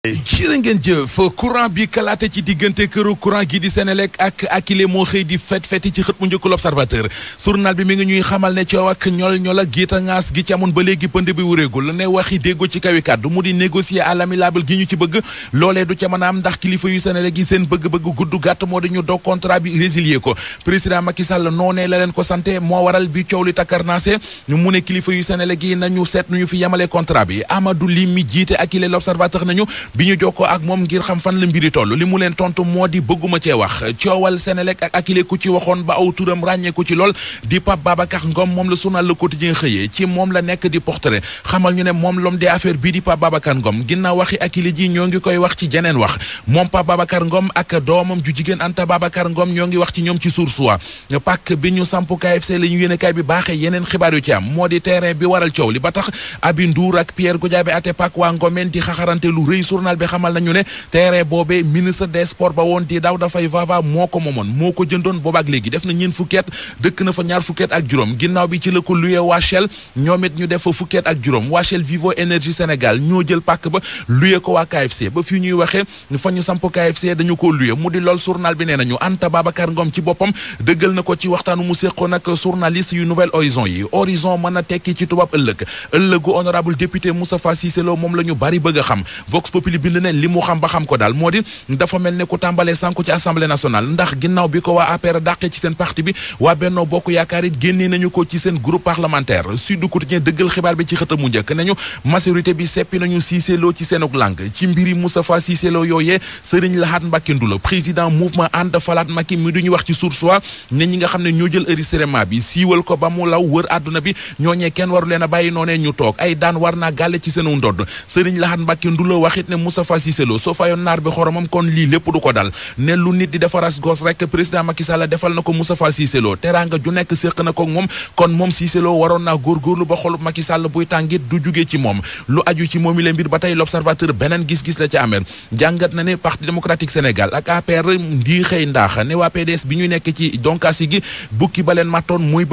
jërë ngeen jëf courant bi kalaate ci diggante këru courant gi di Senelec ak Akilee moo xëy di fet feti ci xët mu njëkk l'Observateur journal bi mi ngi ñuy xamal ne coow ak ñol ñol ak géeta ngaas gi ci amoon ba léegi pënd bi wuréegul ne waxi déggoo ci kawi kàddu mu di négocier à l'amiable gi ñu ci bëgg loolee du ca mën a am ndax kilifa yu Senelec yi seen bëgg-bëgg gudd gàtt moo di ñu dog contrat bi résilier ko président Macky Sall noonee la ko santé moo waral bi coow li takkarnaase ñu mu ne kilifa yu Senelec yi nañu seet nu ñu fi yemale contrat bi Amadou Ly mi jiite Akilee l'Observateur nañu bi ñu jokkoo ak moom ngir xam fan la mbiri toll li mu leen tontu moo di bëgguma cee wax coowal Senelec ak Akilee ku ci waxoon ba aw turam ràññeeku ci lool di Pape Babacar ngoom moom la la ko Quotidien xëyee ci moom la nekk di portrait xamal ñu ne moom l'homme des affaires bii di Pape Babacar Ngom ginnaaw waxi Akilee ji ñoo ngi koy wax ci jeneen wax moom Pape Babacar Ngom ak doomam ju jigéen Anta Babacar ngoom ñoo ngi wax ci ñoom ci suur A pàkk bi ñu samp KFC la ñu yéene kaay bi baaxee yeneen xibaar yu ci am moo di terrain bi waral coow li ba tax Abi Ndour ak Pierre Goudiaby Atepa waa Ngomeen di xaxarante lu rëy journal bi xamal nañu ne terrain boobee ministre des ba woon di Daouda Faye Vava moo ko moomoon moo ko jëndoon boobaak léegi def na ñeen fukkeet dëkk na fa ñaar fukkeet ak juróom ginnaaw bi ci la ko luyee waa Shell ñu def fa fukkeet ak juróom waa Vivo Énergie Sénégal ñoo jël pàkk ba luyee ko waa KFC ba fii ñuy waxee fa ñu samp KFC dañu ko luyee mu di lool journal bi nee nañu Anta Babacar Ngom ci boppam dëggal na ko ci waxtaanu mu séqoon ak journaliste yu Nouvelle Horizon yi horizon mën a tekki ci tubaab la ñu bari a République li mu xam ba xam ko daal moo di dafa mel ne ku tàmbalee sànku ci assemblée nationale ndax ginnaaw bi ko waa APR dàqee ci seen parti bi waa Benno Bokk Yaakaar it génnee nañu ko ci seen groupe parlementaire Sud Quotidien dëggal xibaar bi ci xët mu njëkk nañu majorité bi seppi nañu siiseeloo ci seenuk lang ci mbiri Moustapha Cissé Lo yooyee Serigne Lahat Mbacké Ndoulo président mouvement ànd falaat Macky mi du ñu wax ci Source A ne ñi nga xam ne ñoo jël a Moustapha Cissé Lo soo fayoon naar bi xoromam kon lii lépp du ko dal ne lu nit di defaras gos rek président Macky Sall defal na ko Moustapha Cissé teraanga ju nekk séq na ko moom kon moom Cissé waroon naa góorgóorlu ba xolub Macky buy tàngit du jugee ci moom lu aju ci moomi le mbir ba tey l'observateur beneen gis-gis la ci amee jàngat na ne parti démocratique Sénégal ak APR ndii ndaax ne waa PDS bi ñu nekk ci doncasi gi bukki ba leen mattoon muy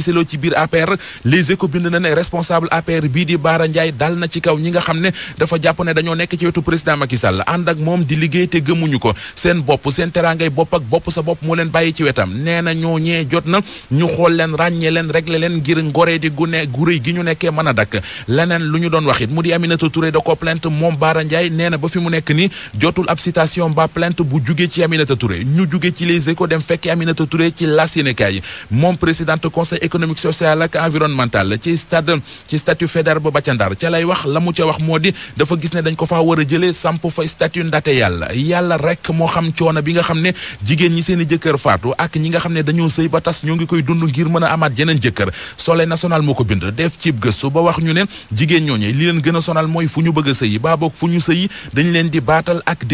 Cissé Lo ci biir APR les échos bind na ne responsable APR bii di Bara Ndiaye dal na ci kaw ñi nga xam ne dafa jàpp ne dañoo nekk ci wetu président Macky Sall ànd ak moom di liggéey te gëmuñu ko seen bopp seen teraangay bopp ak bopp sa bopp moo leen bàyyi ci wetam nee na ñoo ñee jot na ñu xool leen ràññee leen régler leen ngir ngoree di gu gu rëy gi ñu nekkee mën a dakk leneen lu ñu doon wax it mu di Aminata Touré da ko plainte moom Bara Ndiaye nee na ba fi mu nekk ni jotul ab citation ba bu jugee ci Aminata Touré ñu jugee ci les échos dem fekk Aminata Touré ci las yéenekaay moom présidente conseil économique sociale ak environnementale ci stade ci statut Faidherbe ba ca ca lay wax la mu ca wax moo di dafa gis ne dañ ko fa war a jëlee samp fa statut Ndaté yàlla yàlla rek moo xam bi nga xam ne jigéen ñi seen i jëkkër faatu ak ñi nga xam ne dañoo sëy ba tas ñoo ngi koy dund ngir mën a amaat jeneen jëkkër Soleil national moo ko bind def cib gëstu ba wax ñu ne jigéen ñooñu li leen gën a sonal mooy fu ñu bëgg a sëyi baa boog fu ñu sëyi dañ leen di baatal ak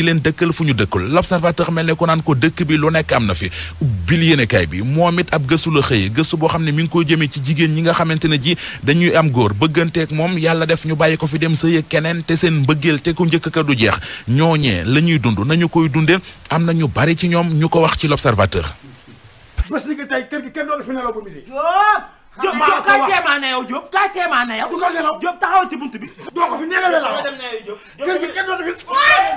fu ñu dëkkul l'observateur mel ne ko naan ko dëkk bi lu nekk am na fi bil yéenekaay bi moom boo xam ne nañ ko jëmee ci jigéen ñi nga xamante ne ji dañuy am góor bëgganteeg moom yàlla def ñu bàyyi ko fi dem sëy ak keneen te seen mbëggeel te ku njëkk ka du jeex ñooñee la ñuy dund nañu koy dundee am na ñu bari ci ñoom ñu ko wax ci l'observateur bés ni nga tey kër gi kenn doon fi nelaw ba midi Diop Diop kaay teemaa na yow Diop kaay teemaa na yow. du ko nelaw Diop taxawal ci buntu bi. doo ko fi nelawee la waaw kër gi kenn doon fi. Ah!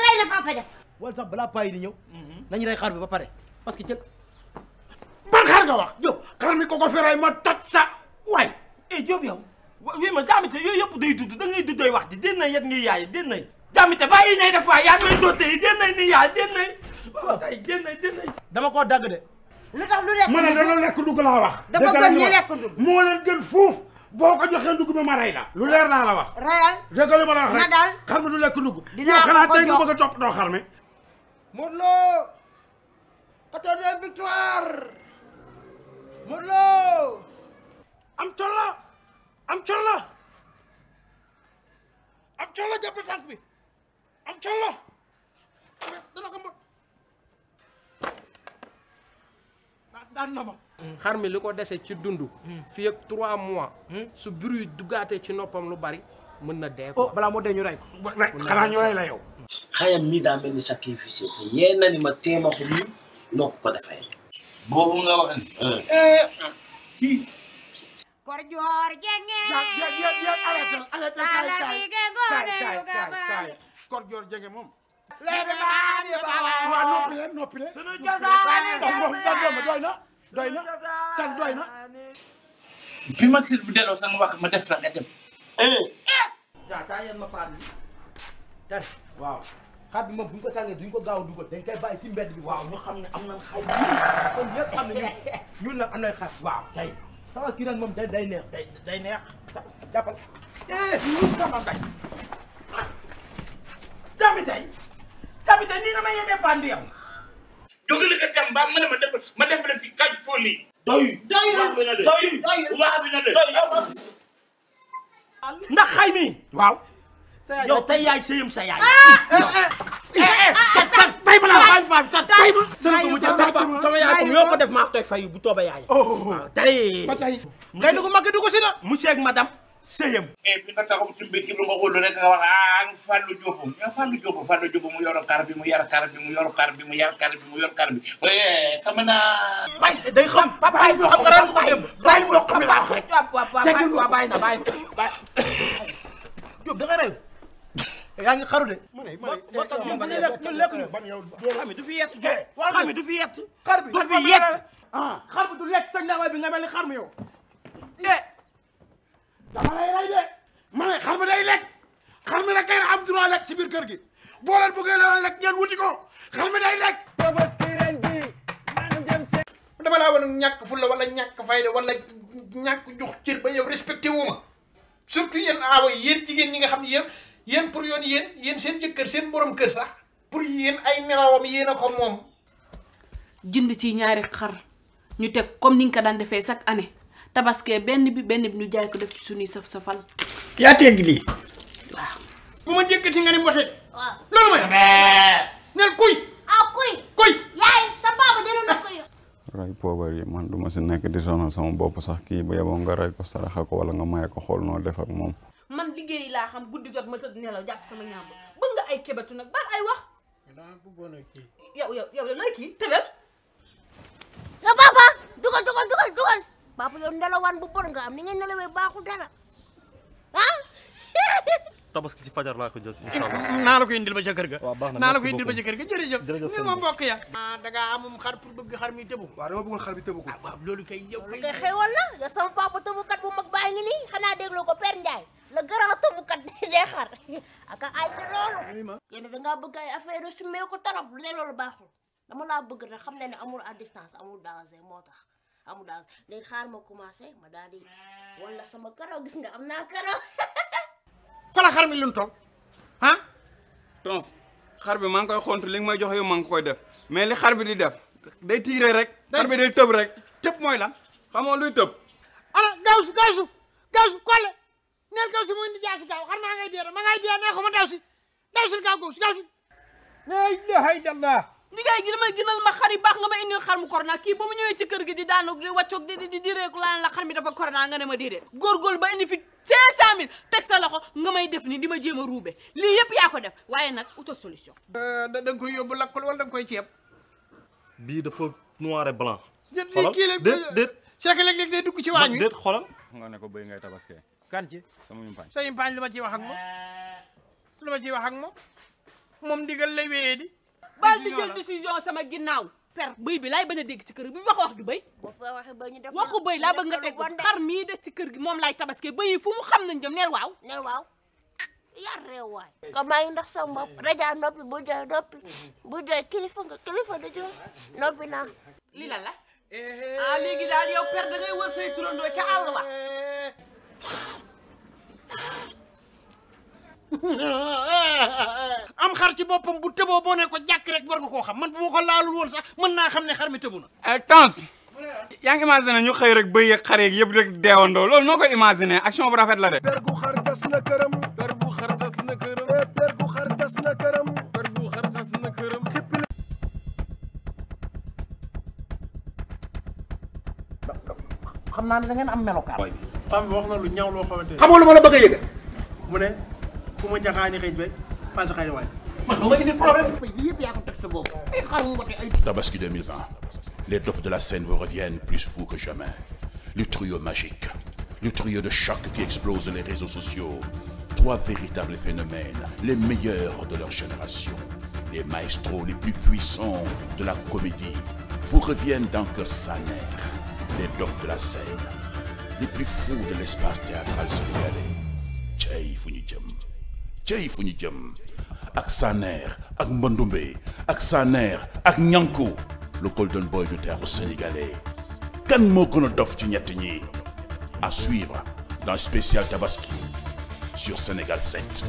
rey na papa ja. wala sax balaa paa yi di ñëw. Mhm. nañu rey xaar bi ba pare parce que jël. nga wax Diop xar mi ko ko feray ma toj sa waay eh Diop yow wii ma jaamite yooyu yëpp day dudd da ngay duddoy wax di den nay yet ngi yaay den nay jaamite bàyyi nay def waay yaa may doote yi den nay ni yaay den nay tay oh, den nay den nay dama koo dagg de lu tax lu lekk ma ne dana lekk dugg laa wax dafa gën ñi lekk dugg moo leen gën fuuf boo ko joxee ndugg bi ma rey la lu leer naa la wax reyal dégg nga li ma la wax rek na daal xar mi du lekk ndugg dinaa xanaa tey nga bëgg a topp doo xar mi Modou Lo quatorzième victoire Modou la am colla am colla am colla jàpp am colla dana daan na ma xar mi li ko dese ci dund hmm. fii ak trois mois hmm. su bruit duggaatee ci noppam lu bari mën na dee ko oh, balaa moo dee ñu rey ko xanaa ñu rey la yow xayam mi daa mel ni sacrifice te yee na ma téemaxu ni noo ko ko boobu nga wax ni. kii. kor joor jenge. arrêté arrêté kaay kaay kaay kaay kor joor jenge moom. léegi maa ngi bawoo. waaw noppi leen noppi leen. sunu cosaan doy na doy na tan doy na. fi ma tir bu delloo sax wax ma des la nga dem. eh. jaa taa yéen ma paal bi. waaw. xar bi moom bu ñu ko sàngee duñ ko gaaw a dugal dañ koy bàyyi si mbedd bi waaw ñu xam ne am nañ xar yi kon ñëpp xam ne ñun nag am nañ xar waaw tey tabaski ren moom day day neex day day neex jàppal eh, ñu sama day dami tey dami tey nii na ma yéene bànd yow dogal nga tam ba ma ne ma def ma def la fi kaj fooli doy doy doy doy wax bi na de doy ndax xay mi waaw yow tey yaay sëyam sa yaay. kat bay ma la waaye faa bi kat bay ma. ko def maa toy fayu bu tooba yaay. waaw tey. ba tey ngay dugg mag dugg si na. monsieur ak madame sëyam. et puis nga taxaw ci mbir ki lu nga xool rek nga wax ah Fallou Diop ñoo Fallou Diop Fallou Diop mu yor kar bi mu yar kar bi mu yor kar bi mu yar kar bi mu yor kar bi xam naa. bay day xam papa yi xam nga ren ko dem bay mu xam baax rek. waaw waaw waaw bàyyi na bàyyi Diop da nga rew yaa ngi xaru de. ma ne eh, ma ne ma eh, eh, ne du fi yett. xar bi du fi yett. xar bi du fi yett. Ah. xar bi du lekk sa ñaawaay bi nga mel ni xar mi yow. eh. dama lay rey de. ma ne xar bi day lekk. xar mi rek lekk si biir kër gi. boo leen a la lekk ngeen wuti ko. xar mi day lekk. tabaski ren bi maanaam dem see. dama laa wan ñàkk fulla wala ñàkk fayda wala ñàkk jox cër ba yow respecté wu ma surtout yéen aawa yéen jigéen ñi nga xam ne yéen. yéen pour yoon yéen seen jëkkër seen borom kër sax pour yéen ay nelawam yéen a ko moom. jënd ci ñaari xar ñu teg comme ni nga ko daan defee chaque année tabaskee benn bi benn bi ñu jaay ko def ci suñuy saf-safal. yaa tegg lii. waaw. bu ma jëkkati nga ni mbote. waaw loolu mooy. neel kuy. ah nekk di sonal sama bopp sax kii ba yeboo nga ray ko saraxa ko wala nga may ko xool noo def moom. laa xam guddi jot ma tëdd nelaw jàpp sama ñaam bëgg nga ay kebatu nag bal ay wax. dama bëggoon a kii. yow yow yow looy kii tëbel. yow papa dugal dugal dugal dugal papa yow nelawaan bu bon nga am ni nga nelawee baaxul dara ah. tabaski ci fajar laa ko jël incha allah naa la ko indil ba ca kër ga waaw baax na naa la ko indil ba ca kër ga jërëjëf ni ma mbokk ya ah da ngaa amum xar pour bëgg xar mi tëbu waaw dama bëggoon ko ah waaw loolu kay yow kay xewal sama papa tëbukat bu mag bàyyi ngi nii xanaa dégloo ko Père Ndiaye la grand tëbu tuddee xar aka ay si loolu yéen dangaa bëgg ay affaire su mee ko tarop lu ne loolu baaxul dama laa bëgg rek xam ne ne amul à distance amul danger moo tax amul danger léegi xaar ma commencé ma daal di wala sama karaw gis am naa karaw fala xar mi lu toll ah donc xar bi maa ngi koy xontu li may jox yow maa ngi koy def mais li xar bi di def day tiire rek xar bi day tëb rek tëb mooy lan xamoo luy tëb ala gawsu gawsu gawsu kole neel kaw si mu indi jaasi kaw xar maa ma ngay dee nee yi baax nga ma indil xar mu corona kii ba mu ñëwee ci kër gi di daanu di wàccoog di di di dafa corona nga ne ma déedéet. ba indi fi 500000 teg sa may def ni di ma jéem a ruube li yëpp yaa ko def waaye nag auto solution. Euh, da nga koy yóbbu lakkul wala da nga koy ceeb. bii dafa noir et blanc. xoolal déet déet déet. c'est que léeg-léeg day ci waañ wi nga ne ko bëy ngay tabaskee. kan ci sama yumpaañ sa yumpaañ lu ma ciy wax ak moom lu ma ciy wax ak moom moom la lay wéyee di. baal di jël décision sama ginnaaw. per bëy bi laay ba a dégg ci kër gi bu wax wax ju bëy. ko bëy laa bëgg nga teg xar mii des ci kër gi moom laay tabaskee bëy yi fu mu xam nañ jëm neel waaw. neel waaw. yar réew waay ko may ndax sa bopp raja noppi bu jooy noppi mm-hmm. bu jooy kilifa nga kilifa da jooy noppi naa la la Eh, ah léegi daal yow per da ngay wër say turandoo ca àll ba. am xar ci boppam bu tëboo boo ne ko jàkk rek war nga koo xam man bu ma ko laalul woon sax mën naa xam ne xar mi tëbu na. Eh, Tange yaa ngi imaginer ñu xëy rek bëy xar yeeg yëpp rek deewandoo loolu noo ko imaginer action bu rafet la de. per gu xar tas na këram. per gu xar tas na këram. Eh, xam naa ne da ngeen am melokaan. femme na lu ñaaw loo xamante ne. xamoo ma a yëg. mu ne fu ma jaxaani xëy be paase xëy waay. man dama indi problème. lii yëpp yaa ko teg sa bopp. ay xar ngote ay. Tabaski les dofs de la scène vous reviennent plus fous que jamais le trio magique le trio de choc qui explose les réseaux sociaux trois véritables phénomènes les meilleurs de leur génération les maestros les plus puissants de la comédie vous reviennent dans Keur Sa les dof de la scène les plus fous de l'espace théâtral sénégalais cey fu ñu jëm fu ñu jëm ak Saner ak Mbandumbe ak Saner ak Ñanku le golden boy du théâtre sénégalais kan moo gën a dof ci ñett ñi à suivre dans spécial Tabaski sur Sénégal 7